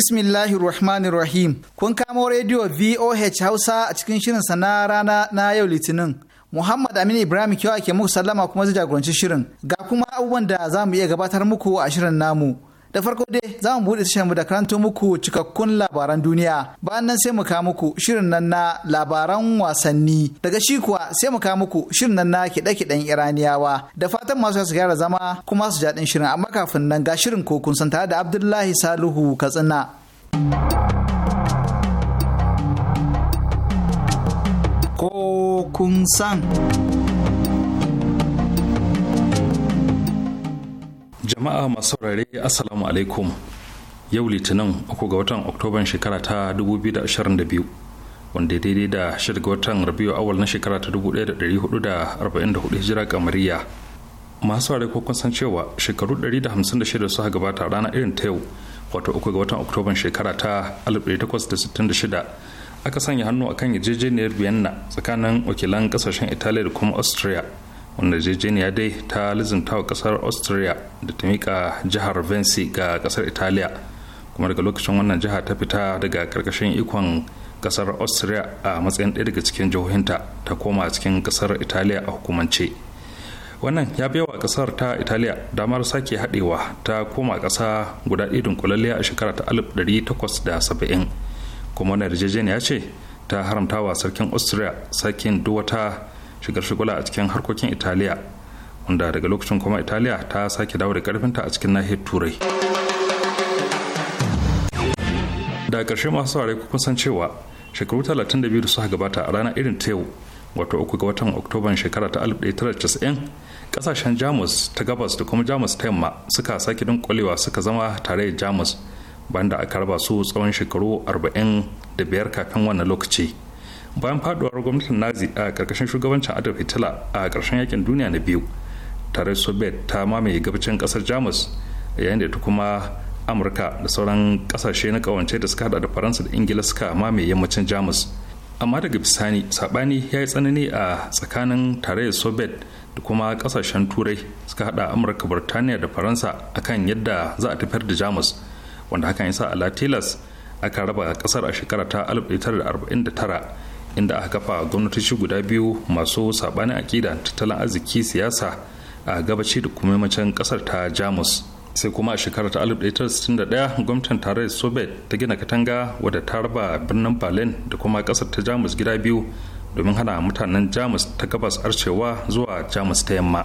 Bismillahirrahmanirrahim. Kun kamo rediyo VOH Hausa a cikin shirin na rana na yau Litinin. Muhammad Aminu Ibrahim Kiyo ke muku sallama kuma zai jagoranci shirin. Ga kuma abubuwan da za mu iya gabatar muku a shirin namu. da farko dai za mu buɗe tashar mu da karanto muku cikakkun labaran duniya bayan nan sai mu kawo muku shirin nan na labaran wasanni daga shi kuwa sai mu kawo muku shirin nan na kiɗe-kiɗen iraniyawa da fatan masu su gyara zama kuma su jaɗin shirin amma kafin nan ga shirin ko kun tare da abdullahi saluhu katsina. ko kun san. jama'a masu saurare assalamu alaikum yau litinin uku ga watan oktoban shekara ta 2022 wanda daidai da shirga watan rabiu awal na shekara ta 1444 hijira kamariya masu saurare ko kun san cewa shekaru 156 suka gabata rana irin ta yau wato uku ga watan oktoban shekara ta 1866 aka sanya hannu akan yarjejeniyar vienna tsakanin wakilan kasashen italiya da kuma austria wanda yarjejeniya dai ta lizimta wa kasar austria da ta mika jihar vinci ga kasar italiya kuma daga lokacin wannan jiha ta fita daga karkashin ikon kasar austria a matsayin ɗaya daga cikin jihohinta ta koma cikin kasar italiya a hukumance wannan ya baiwa kasar ta italiya damar sake haɗewa ta koma ƙasa guda ɗaya dunkulalliya a shekara ta alif da saba'in kuma wannan yarjejeniya ce ta haramtawa sarkin austria sakin duwata shigar shigula a cikin harkokin italiya wanda daga lokacin kuma italiya ta sake dawo da karfinta a cikin nahiyar turai da ƙarshe masu saurari kun san cewa shekaru 32 da suka gabata a ranar irin ta wato uku ga watan oktoban shekara ta 1990 kasashen jamus ta gabas da kuma jamus ta yamma suka sake dunkulewa suka zama tare da jamus banda aka raba su tsawon shekaru 45 kafin wannan lokaci bayan faduwar gwamnatin nazi a karkashin shugabancin adolf hitler a karshen yakin duniya na biyu tare soviet ta mamaye gabacin kasar jamus yayin da ta kuma amurka da sauran kasashe na kawance da suka hada da faransa da ingila suka mamaye yammacin jamus amma daga bisani sabani ya yi tsanani a tsakanin tarayyar soviet da kuma kasashen turai suka hada amurka burtaniya da faransa akan yadda za a tafiyar da jamus wanda hakan ya sa ala tilas aka raba kasar a shekara ta 1949 inda aka kafa gwamnatoci guda biyu masu saɓanin aƙida tattalin arziki siyasa a gabaci da kuma yammacin ƙasar ta jamus sai kuma a shekarar ta 1961 gwamnatin tarayyar soviet ta gina katanga wadda ta raba birnin berlin da kuma ƙasar ta jamus gida biyu domin hana mutanen jamus ta gabas arcewa zuwa jamus ta yamma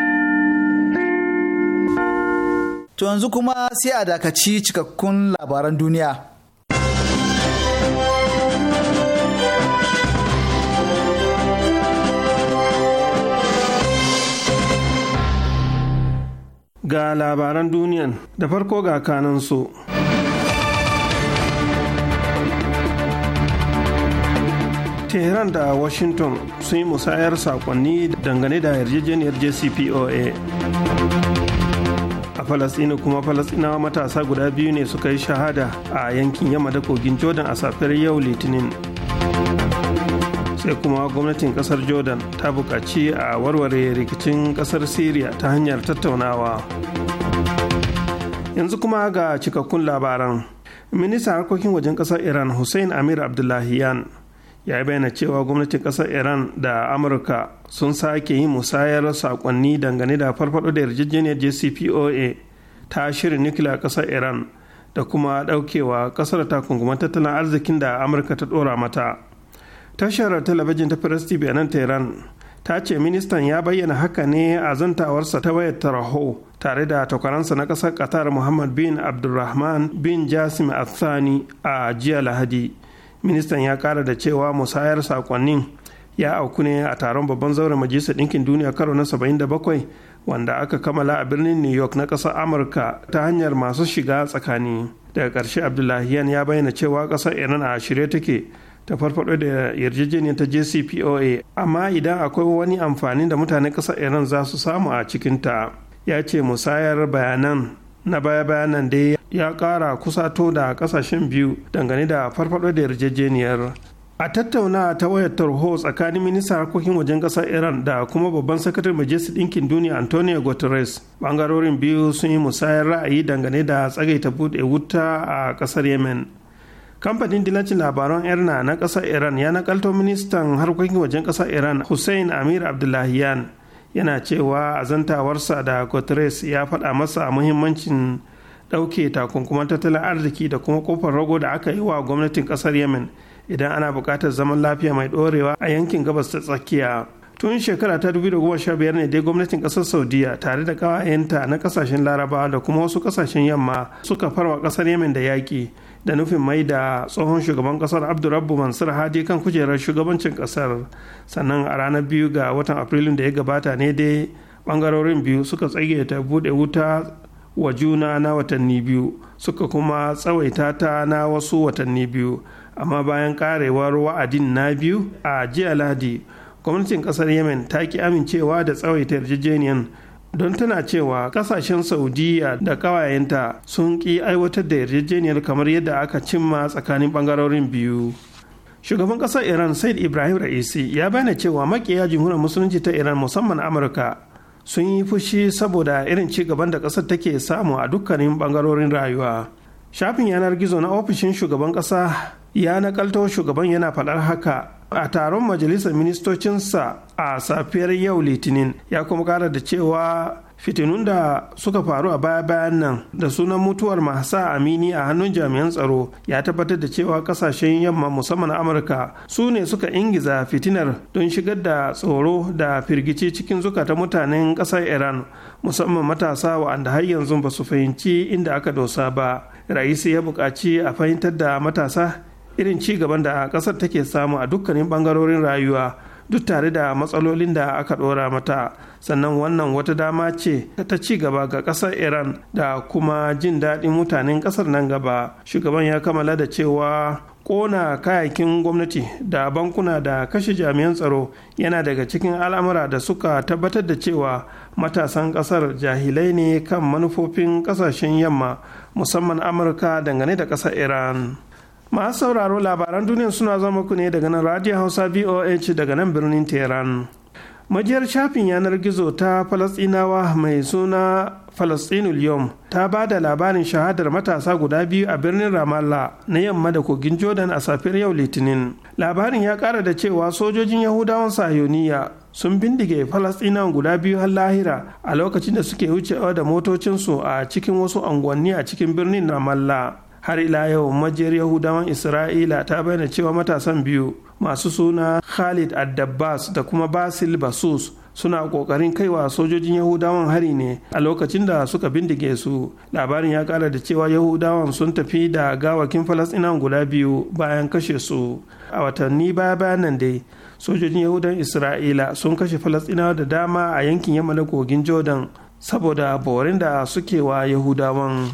To yanzu kuma sai a dakaci cikakkun labaran duniya. Ga labaran duniyan da farko ga kanansu. Tehran da Washington sun yi musayar saƙonni dangane da yarjejeniyar JCPOA. falasɗinu kuma falasɗinawa matasa guda biyu ne suka yi shahada a yankin yamma da kogin jordan a safiyar yau litinin sai kuma gwamnatin ƙasar jordan ta buƙaci a warware rikicin ƙasar syria ta hanyar tattaunawa yanzu kuma ga cikakkun labaran ministan harkokin wajen ƙasar iran hussein amir abdullahiyan ya bayyana cewa gwamnatin kasar iran da amurka sun sake yin musayar sakonni dangane da farfado da yarjejeniyar jcpoa ta shirin nukiliya kasar iran da kuma daukewa kasar takunguman tattalin arzikin da amurka ta dora mata tashar talabijin ta press tv nan tehran ta ce ministan ya bayyana haka ne a zantawarsa ta wayar taraho tare da takwaransa na kasar qatar muhammad bin abdulrahman bin jasim athani a jiya lahadi ministan ya kara da cewa musayar sakonnin ya auku ne a taron babban zauren majalisar ɗinkin duniya karo na 77 wanda aka kammala a birnin new york na ƙasar amurka ta hanyar masu shiga tsakani daga ƙarshe Yan ya bayyana cewa ƙasar iran a shirye take ta farfaɗo da yarjejeniyar ta jcpoa amma idan akwai wani amfani da mutane ƙasar iran za su samu a cikinta ya ce musayar bayanan na baya bayanan dai ya kara kusato da kasashen biyu dangane da farfaɗo da yarjejeniyar a tattauna ta wayar tarho tsakanin ministan harkokin wajen ƙasar iran da kuma babban sakatar majalisar ɗinkin duniya antonio guterres bangarorin biyu sun yi musayar ra'ayi dangane da tsagaita buɗe wuta a ƙasar yemen kamfanin dilancin labaran erna na kasar iran ya nakalto ministan harkokin wajen ƙasar iran hussein amir abdullahiyan yana cewa azantawarsa da guterres ya faɗa masa muhimmancin ɗauke takunkuman tattalin arziki da kuma kofar rago da aka yi wa gwamnatin ƙasar yemen idan ana buƙatar zaman lafiya mai dorewa a yankin gabas ta tsakiya tun shekara ta 2015 ne dai gwamnatin ƙasar saudiya tare da ƙawayenta na ƙasashen larabawa da kuma wasu ƙasashen yamma suka farwa ƙasar yemen da yaƙi da nufin mai da tsohon shugaban ƙasar abdurrabbu mansur hadi kan kujerar shugabancin ƙasar sannan a ranar biyu ga watan afrilun da ya gabata ne dai bangarorin biyu suka tsage ta bude wuta wa juna na watanni biyu suka kuma tsawaita ta na wasu watanni biyu amma bayan karewar wa'adin na biyu a jiya ladi gwamnatin kasar yemen ta ki amincewa da tsawaita yarjejeniyar don tana cewa kasashen saudiya da kawayenta sun ki aiwatar da yarjejeniyar kamar yadda aka cimma tsakanin bangarorin biyu shugaban kasar iran said ibrahim ra'isi ya bayyana cewa makiya jimhuriyar musulunci ta iran musamman amurka sun yi fushi saboda irin ci gaban da ƙasar take samu a dukkanin ɓangarorin rayuwa shafin yanar gizo na ofishin shugaban ƙasa ya nakalto shugaban yana faɗar haka a taron majalisar ministocinsa a safiyar yau litinin ya kuma ƙara da cewa fitinun da suka faru a baya bayan nan da sunan mutuwar mahasa amini a hannun jami'an tsaro ya tabbatar da cewa kasashen yamma musamman amurka su ne suka ingiza fitinar don shigar da tsoro da firgici cikin zukata mutanen kasar iran musamman matasa wa'anda har yanzu ba su fahimci inda aka dosa ba raisi ya buƙaci a fahimtar da matasa irin ci gaban da ƙasar take samu a dukkanin bangarorin rayuwa duk tare da matsalolin da aka ɗora mata sannan wannan wata dama ce ta ci gaba ga ƙasar iran da kuma jin daɗin mutanen ƙasar nan gaba shugaban ya kammala da cewa kona kayakin gwamnati da bankuna da kashe jami'an tsaro yana daga cikin al'amura da suka tabbatar da cewa matasan ƙasar jahilai ne kan manufofin ƙasashen yamma musamman amurka dangane da ƙasar iran masu sauraro labaran duniya suna zama ku ne daga nan radio hausa voh daga nan birnin tehran majiyar shafin yanar gizo ta falasinawa mai suna falasinul yom ta ba da labarin shahadar matasa guda biyu a birnin ramallah na yamma da kogin jordan a safiyar yau litinin labarin ya kara da cewa sojojin yahudawan sayoniya sun bindige falasɗinawan guda biyu har lahira a lokacin da suke wucewa da motocinsu a cikin wasu unguwanni a cikin birnin ramallah har ila yau majiyar yahudawan isra'ila ta bayyana cewa matasan biyu masu suna khalid addabbas da kuma basil basus suna kokarin kaiwa sojojin yahudawan hari ne a lokacin da suka bindige su labarin ya kara da cewa yahudawan sun tafi da gawakin falasɗinan guda biyu bayan kashe su a watanni baya bayan nan dai sojojin yahudan isra'ila sun kashe falasɗinawa da dama a yankin yamma na kogin jordan saboda borin da suke wa yahudawan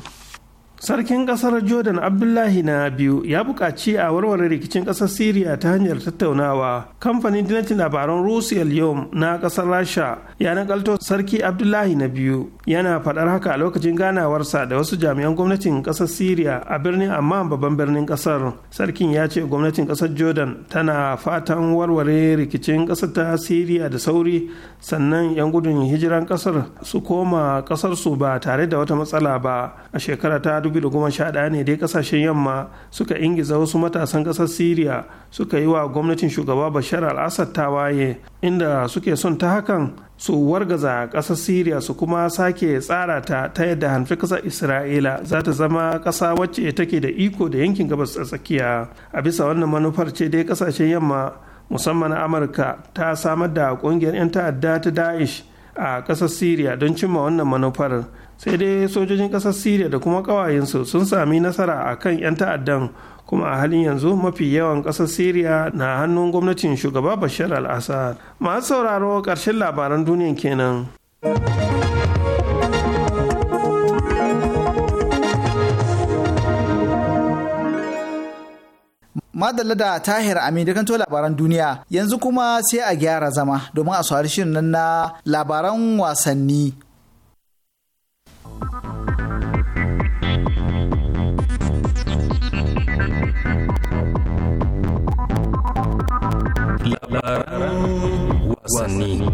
sarkin kasar jordan abdullahi na biyu ya buƙaci a warware rikicin ƙasar syria ta hanyar tattaunawa kamfanin dinacin labaran russia yom na ƙasar rasha ya nakalto sarki abdullahi na biyu yana faɗar haka a lokacin ganawarsa da wasu jami'an gwamnatin ƙasar syria a birnin amma babban birnin ƙasar sarkin ya ce gwamnatin ƙasar jordan tana fatan warware rikicin ƙasar ta syria da sauri sannan 'yan gudun hijiran ƙasar su koma ƙasarsu ba tare da wata matsala ba a shekara ta 2011 ne dai kasashen yamma suka ingiza wasu matasan kasar syria suka yi wa gwamnatin shugaba bashar al-assad tawaye inda suke son ta hakan su wargaza kasar syria su kuma sake tsara ta ta yadda hanfi kasar isra'ila za ta zama kasa wacce take da iko da yankin gabas tsakiya a bisa wannan manufar ce dai kasashen yamma musamman amurka ta samar da ƙungiyar 'yan ta'adda ta daesh a ƙasar syria don cimma wannan manufar sai dai sojojin kasar siriya da kuma ƙawayensu sun sami nasara a kan 'yan ta'addan kuma a halin yanzu mafi yawan kasar siriya na hannun gwamnatin shugaba bashar al-assad masu sauraro karshen labaran duniyan kenan. madalla da tahir amin da kanto labaran duniya yanzu kuma sai a gyara zama domin a saurari shirin nan na labaran wasanni labaran wasanni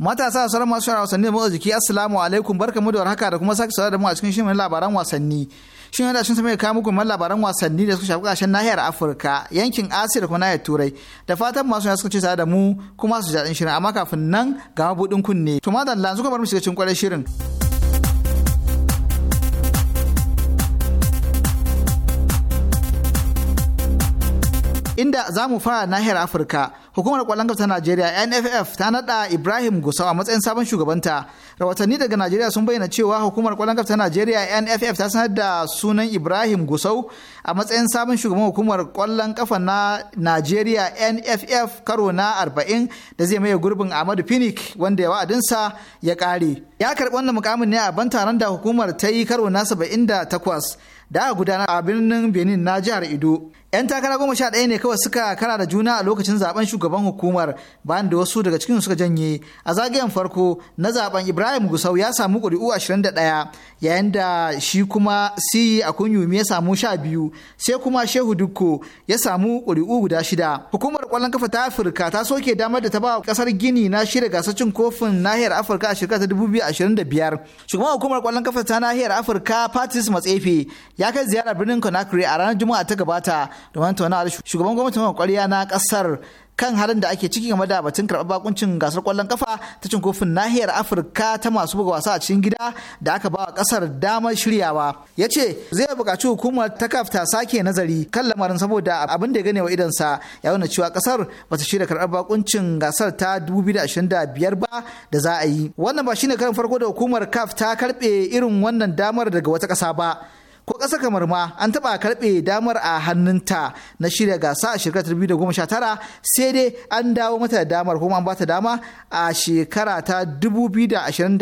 matasa sauran masu shara wasanni da motsa jiki assalamu alaikum barkamu da warhaka da kuma sake saurara da mu a cikin shirin labaran wasanni shin yana shin mai kawo muku man labaran wasanni da suka shafi kasashen nahiyar Afirka yankin Asiya da kuma nahiyar Turai da fatan masu shara suka ce tare da mu kuma su jaɗin shirin amma kafin nan ga mabuɗin kunne Tumatan madalla kuma bar mu shiga cikin kwarar shirin. inda za mu fara nahiyar afirka hukumar kwallon kafa ta najeriya nff ta nada ibrahim gusau a matsayin sabon shugabanta rahotanni daga najeriya sun bayyana cewa hukumar kwallon kafa ta najeriya nff ta sanar da sunan ibrahim gusau a matsayin sabon shugaban hukumar kwallon kafa na najeriya nff karo na arba'in da zai maye gurbin ahmadu finik wanda ya wa'adinsa ya kare ya karɓi wannan mukamin ne a ban taron da hukumar ta yi karo na saba'in da takwas da aka gudanar a birnin benin na jihar ido 'yan takara goma sha ɗaya ne kawai suka kara da juna a lokacin zaben shugaban hukumar bayan da wasu daga cikin suka janye a zagayen farko na zaben ibrahim gusau ya samu ƙuri'u ashirin da ɗaya yayin da shi kuma siyi a kunyumi ya samu sha biyu sai kuma shehu dukko ya samu ƙuri'u guda shida hukumar kwallon kafa ta afirka ta soke damar da ta ba kasar gini na shirya gasar kofin nahiyar afirka a shekara ta dubu biyar shugaban hukumar kwallon kafa ta nahiyar afirka patrice matsefe ya kai ziyara birnin conakry a ranar juma'a ta gabata domin tauna da shugaban gwamnatin kwariya na kasar kan halin da ake ciki game da batun karɓar bakuncin gasar kwallon kafa ta cin kofin nahiyar afirka ta masu buga wasa a cikin gida da aka ba wa ƙasar damar shiryawa ya ce zai buƙaci hukumar ta kafta sake nazari kan lamarin saboda abin da ya gane wa idansa ya nuna cewa kasar ba ta shirya karɓar bakuncin gasar ta 2025 ba da za a yi wannan ba shine karin farko da hukumar kaf ta karɓe irin wannan damar daga wata ƙasa ba ko ƙasa kamar ma an taɓa karɓe damar a hannunta na shirya gasa a shekarar 2019 sai dai an dawo mata da damar kuma an bata dama a shekara ta 2021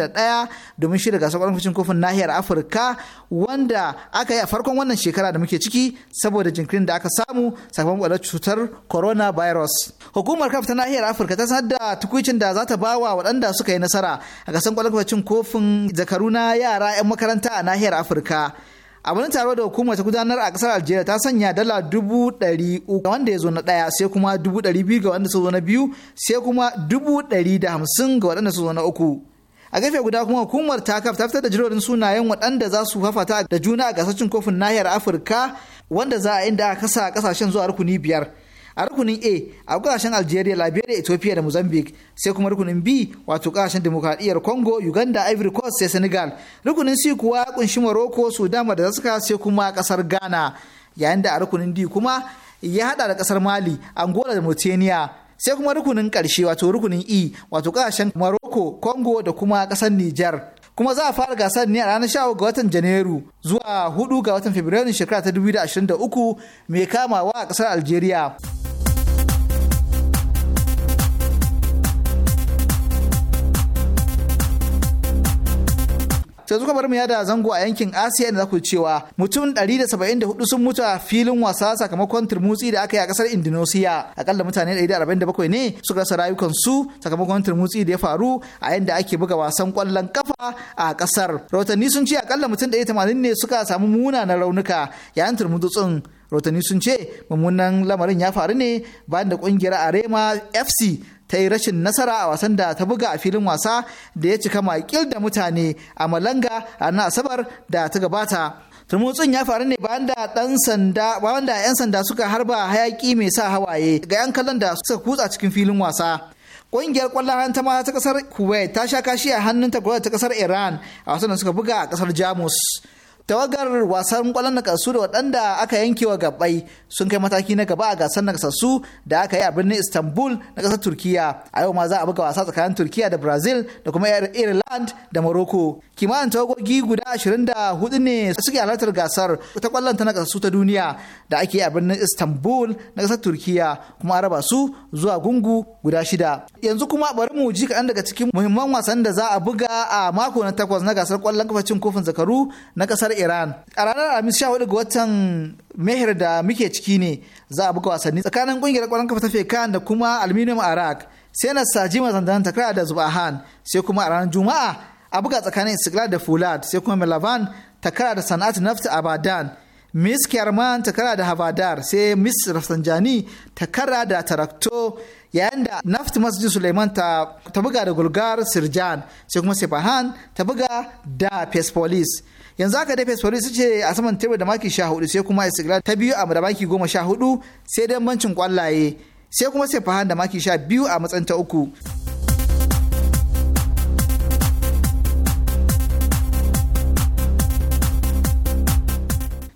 domin shirya gasar ƙwarfacin kofin nahiyar afirka wanda aka yi a farkon wannan shekara da muke ciki saboda jinkirin da aka samu sakamakon ɓarar cutar coronavirus hukumar kaf ta nahiyar afirka ta sanar da tukuicin da za ta ba wa waɗanda suka yi nasara a gasar ƙwarfacin kofin zakaru na yara 'yan makaranta a nahiyar afirka a wani taro da hukumar ta gudanar a kasar algeria ta sanya dala dubu ɗari uku wanda ya zo na ɗaya sai kuma dubu ɗari biyu ga wanda su zo na biyu sai kuma dubu ɗari da hamsin ga waɗanda su zo na uku a gefe guda kuma hukumar ta kaf ta fitar da jirorin sunayen waɗanda za su hafata da juna a gasashen kofin nahiyar afirka wanda za a inda a kasa kasashen zuwa rukuni biyar a rukunin a a kasashen algeria liberia ethiopia da mozambique sai kuma rukunin b wato kasashen demokradiyyar congo uganda ivory coast sai senegal rukunin c kuwa ya kunshi morocco sudan madagascar sai kuma kasar ghana yayin da a rukunin d kuma ya hada da kasar mali angola da mauritania sai kuma rukunin karshe wato rukunin e wato kasashen morocco congo da kuma kasar niger kuma za a fara gasar ne a ranar sha ga watan janairu zuwa hudu ga watan Fabrairu shekara ta 2023 mai kamawa a kasar algeria sai suka bar mu yada zango a yankin asiya da za ku cewa mutum 174 sun mutu a filin wasa sakamakon turmutsi da aka yi a kasar indonesia akalla mutane 147 ne suka rasa rayukansu sakamakon turmutsi da ya faru a yanda ake buga wasan kwallon kafa a kasar rahotanni sun ce akalla mutum 180 ne suka samu munanan raunuka yayin turmutsin rahotanni sun ce mummunan lamarin ya faru ne bayan da kungiyar arema fc ta yi rashin nasara a wasan da ta buga a filin wasa da ya cika makil da mutane a malanga a na asabar da ta gabata tumutsin ya faru ne bayan da ɗan sanda bayan da yan sanda suka harba hayaki mai sa hawaye ga yan kallon da suka kutsa cikin filin wasa Ƙungiyar ƙwallon ta mata ta ƙasar Kuwait ta sha kashi a hannun ta ta ƙasar Iran a wasan da suka buga a ƙasar Jamus. tawagar wasan kwallon nakasassu da waɗanda aka yanke wa gabai sun kai mataki na gaba a gasar nakasassu da aka yi a birnin istanbul na ƙasar turkiya a yau ma za a buga wasa tsakanin turkiya da brazil da kuma ireland da morocco kimanin tawagogi guda 24 ne suke halartar gasar ta kwallon ta nakasassu ta duniya da ake yi a birnin istanbul na ƙasar turkiya kuma a raba su zuwa gungu guda shida yanzu kuma bari mu ji kaɗan daga cikin muhimman wasan da za a buga a mako na takwas na gasar kwallon kafacin kofin zakaru na ƙasar iran a ranar alhamis sha hudu ga watan mehir da muke ciki ne za a buga wasanni tsakanin kungiyar kwallon kafa ta fekan da kuma aluminium arak sai na saji mazandan takara da zubahan sai kuma a ranar juma'a a buga tsakanin istiklal da fulad sai kuma melavan takara da sana'at nafta abadan miss ta takara da habadar sai miss rafsanjani takara da tarakto yayin da naft masjid suleiman ta, buga da gulgar sirjan sai kuma sefahan ta buga da pespolis yanzu aka dafe fesfori su ce a saman tebur da maki sha hudu sai kuma isigila ta biyu a da maki goma sha hudu sai dan bancin kwallaye sai kuma sai fahan da maki sha biyu a matsayin ta uku.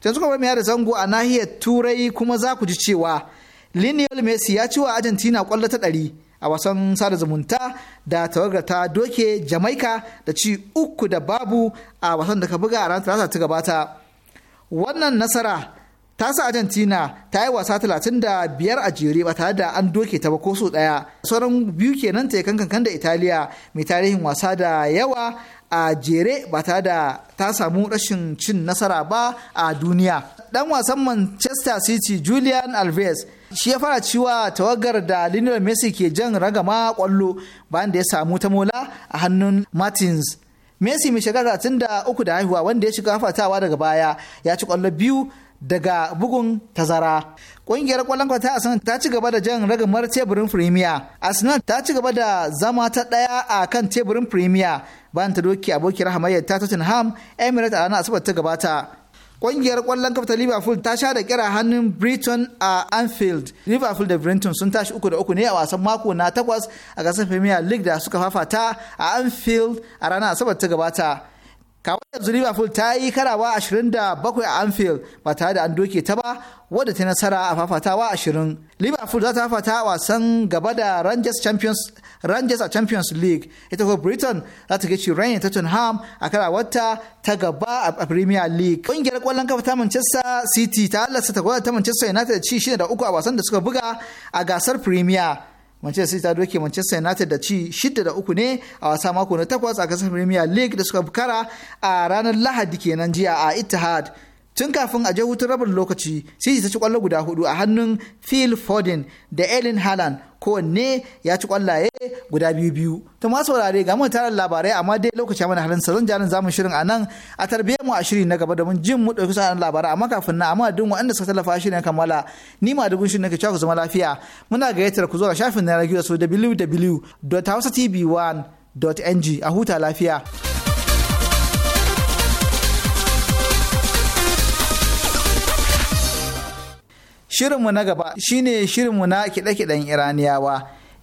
yanzu kuma ya da zango a nahiyar turai kuma za ku ji cewa lionel messi ya ci wa argentina kwallo ta ɗari a wasan sada zumunta da tawagar ta doke jamaika da ci uku da babu a wasan da ka buga a ranar ta gabata wannan nasara ta sa argentina ta yi wasa biyar a jere ba tare da an doke ta ba ko so daya sauran biyu kenan ta kankan da italiya mai tarihin wasa da yawa a jere ba tare da ta samu rashin cin nasara ba a duniya dan wasan manchester city julian alves shi ya fara ciwa tawagar da Lionel Messi ke jan ragama kwallo bayan da ya samu ta mola a hannun Martins. Messi mai shekara tun da uku da haihuwa wanda ya shiga fatawa daga baya ya ci kwallo biyu daga bugun tazara. Ƙungiyar kwallon ta a ta ci gaba da jan ragamar teburin Premier. Arsenal ta ci gaba da zama ta ɗaya a kan teburin Premier bayan ta doki abokiyar hamayyar ta Tottenham Emirates a ranar Asabar ta gabata. Ƙungiyar ƙwallon kafa ta Liverpool ta sha da kira hannun Brighton a Anfield. Liverpool da Brighton sun tashi uku da uku ne a wasan mako na takwas a gasar Premier League da suka fafata a Anfield a ranar Asabar ta gabata. kawai yanzu liverpool ta yi karawa 27 a anfield ba tare da an doke ta ba wadda ta nasara a fafatawa 20 liverpool za ta fafata wasan gaba da rangers champions rangers a champions league ita kuma britain za ta gaci rain tottenham a karawarta ta gaba a premier league ƙungiyar ƙwallon kafa ta manchester city ta halasta ta gwada ta manchester united ci shida da uku a wasan da suka buga a gasar premier Manchester City ta doke Manchester United da ci shidda da uku ne a wasa mako na takwas a kasar Premier League da suka bukara a ranar Lahadi kenan jiya a Etihad. tun kafin a je hutun rabin lokaci sai ta ci kwallo guda hudu a hannun phil foden da ellen haaland kowanne ya ci kwallaye guda biyu biyu ta masu saurare ga mun tarar labarai amma dai lokaci mana halin sazon jarin zamu shirin a nan a tarbiyyar mu a shiri na gaba domin jin mu dauki sa'an labarai amma kafin na amma duk waɗanda suka tallafa shirin kammala ni ma dugun shirin nake cewa ku zama lafiya muna gayyatar ku zuwa shafin na radio so www.hausatv1.ng a huta lafiya. Shirinmu na gaba shine shirinmu na kiɗe-kiɗen Iraniyawa,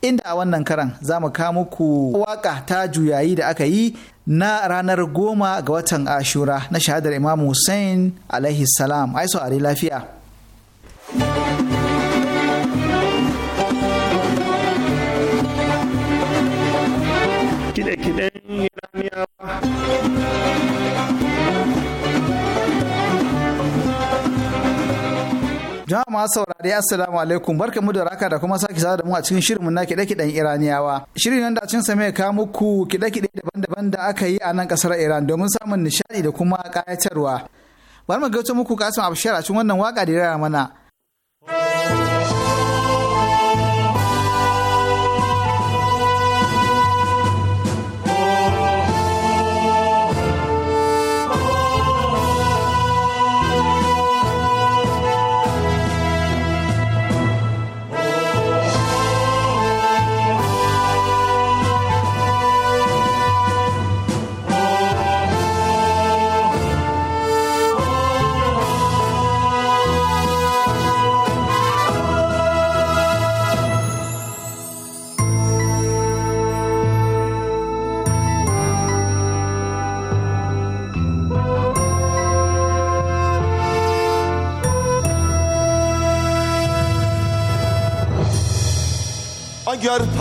inda a wannan karan za mu kawo muku waka ta juyayi da aka yi na ranar goma ga watan Ashura na shahadar Imam Hussein alaihi salam, ai saurari lafiya. Kiɗe-kiɗen Iraniyawa masu saurari assalamu alaikum barka mu da raka da kuma sake sada da mu a cikin shirinmu na kiɗe-kiɗen iraniyawa shirin nan da cin sa mai ka muku kiɗe-kiɗe daban-daban da aka yi a nan ƙasar iran domin samun nishaɗi da kuma kayatarwa. bari mu gaito muku kasim abshar a cikin wannan waka da ya mana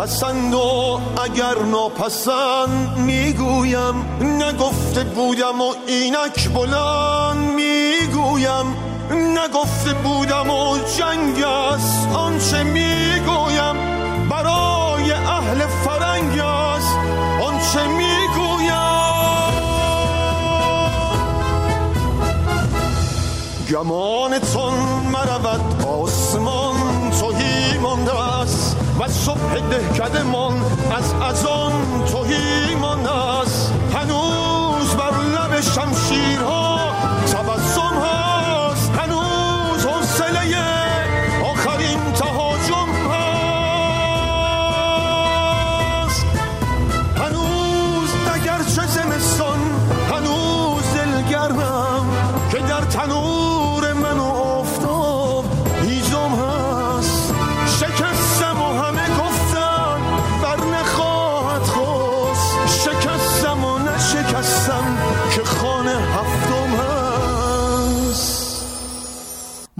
پسند و اگر ناپسند میگویم نگفته بودم و اینک بلند میگویم نگفته بودم و جنگ است آنچه میگویم برای اهل فرنگ است آنچه میگویم گمانتون مرود آسمان توهی مانده است و صبح من از از آن توهیمان است هنوز بر لب شمشیرها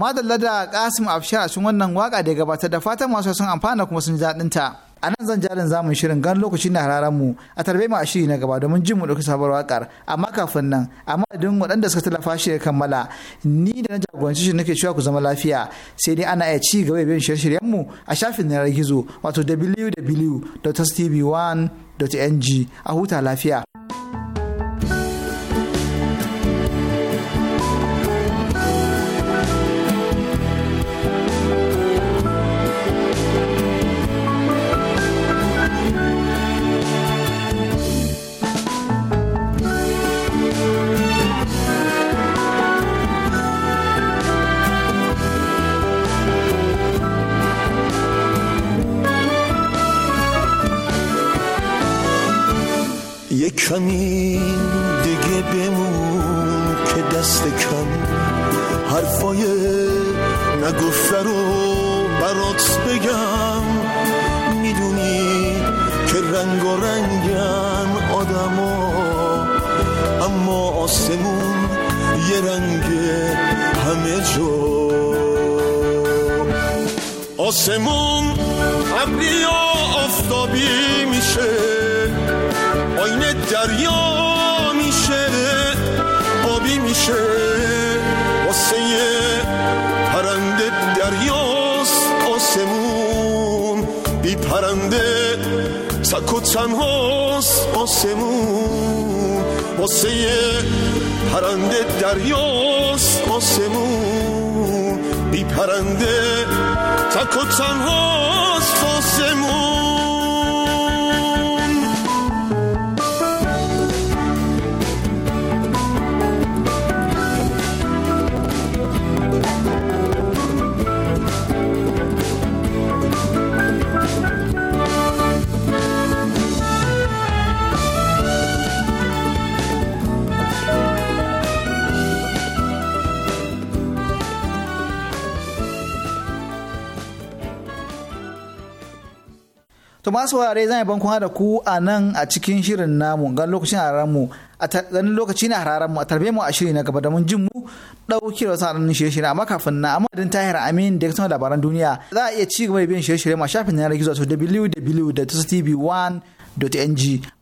madalla da kasim afshar sun wannan waka da gabatar da fatan masu sun amfana kuma sun ji daɗin ta a nan zan jarin zamun shirin gan lokaci na hararen mu a tarbe mu a shiri na gaba domin jin mu ɗauki sabuwar wakar amma kafin nan amma madadin waɗanda suka tallafa shi ya kammala ni da na jagoranci shi nake cewa ku zama lafiya sai dai ana iya ci gaba bin shirye-shiryen mu a shafin na gizo wato www.tv1.ng a huta lafiya. کمی دیگه بمون که دست کم حرفای نگوفر رو برات بگم میدونی که رنگ و رنگن ها اما آسمون یه رنگ همه جا آسمون ابری آفتابی میشه آینه دریا میشه آبی میشه واسه پرنده دریاست آسمون بی پرنده سک و تنهاست آسمون واسه پرنده دریاست آسمون بی پرنده تک و تنهاست آسمون masu wurare zan yaban kuma da ku a nan a cikin shirin namu gan lokacin ranar mu a ganin lokaci na ranar mu a tarbe mu a shiri na gaba da mun jin mu dauki da wasu shirye-shirye amma kafin na amma din tahir amin da kasance labaran duniya za a iya ci gaba da biyan shirye-shirye ma shafin yanar gizo to www.tv1.ng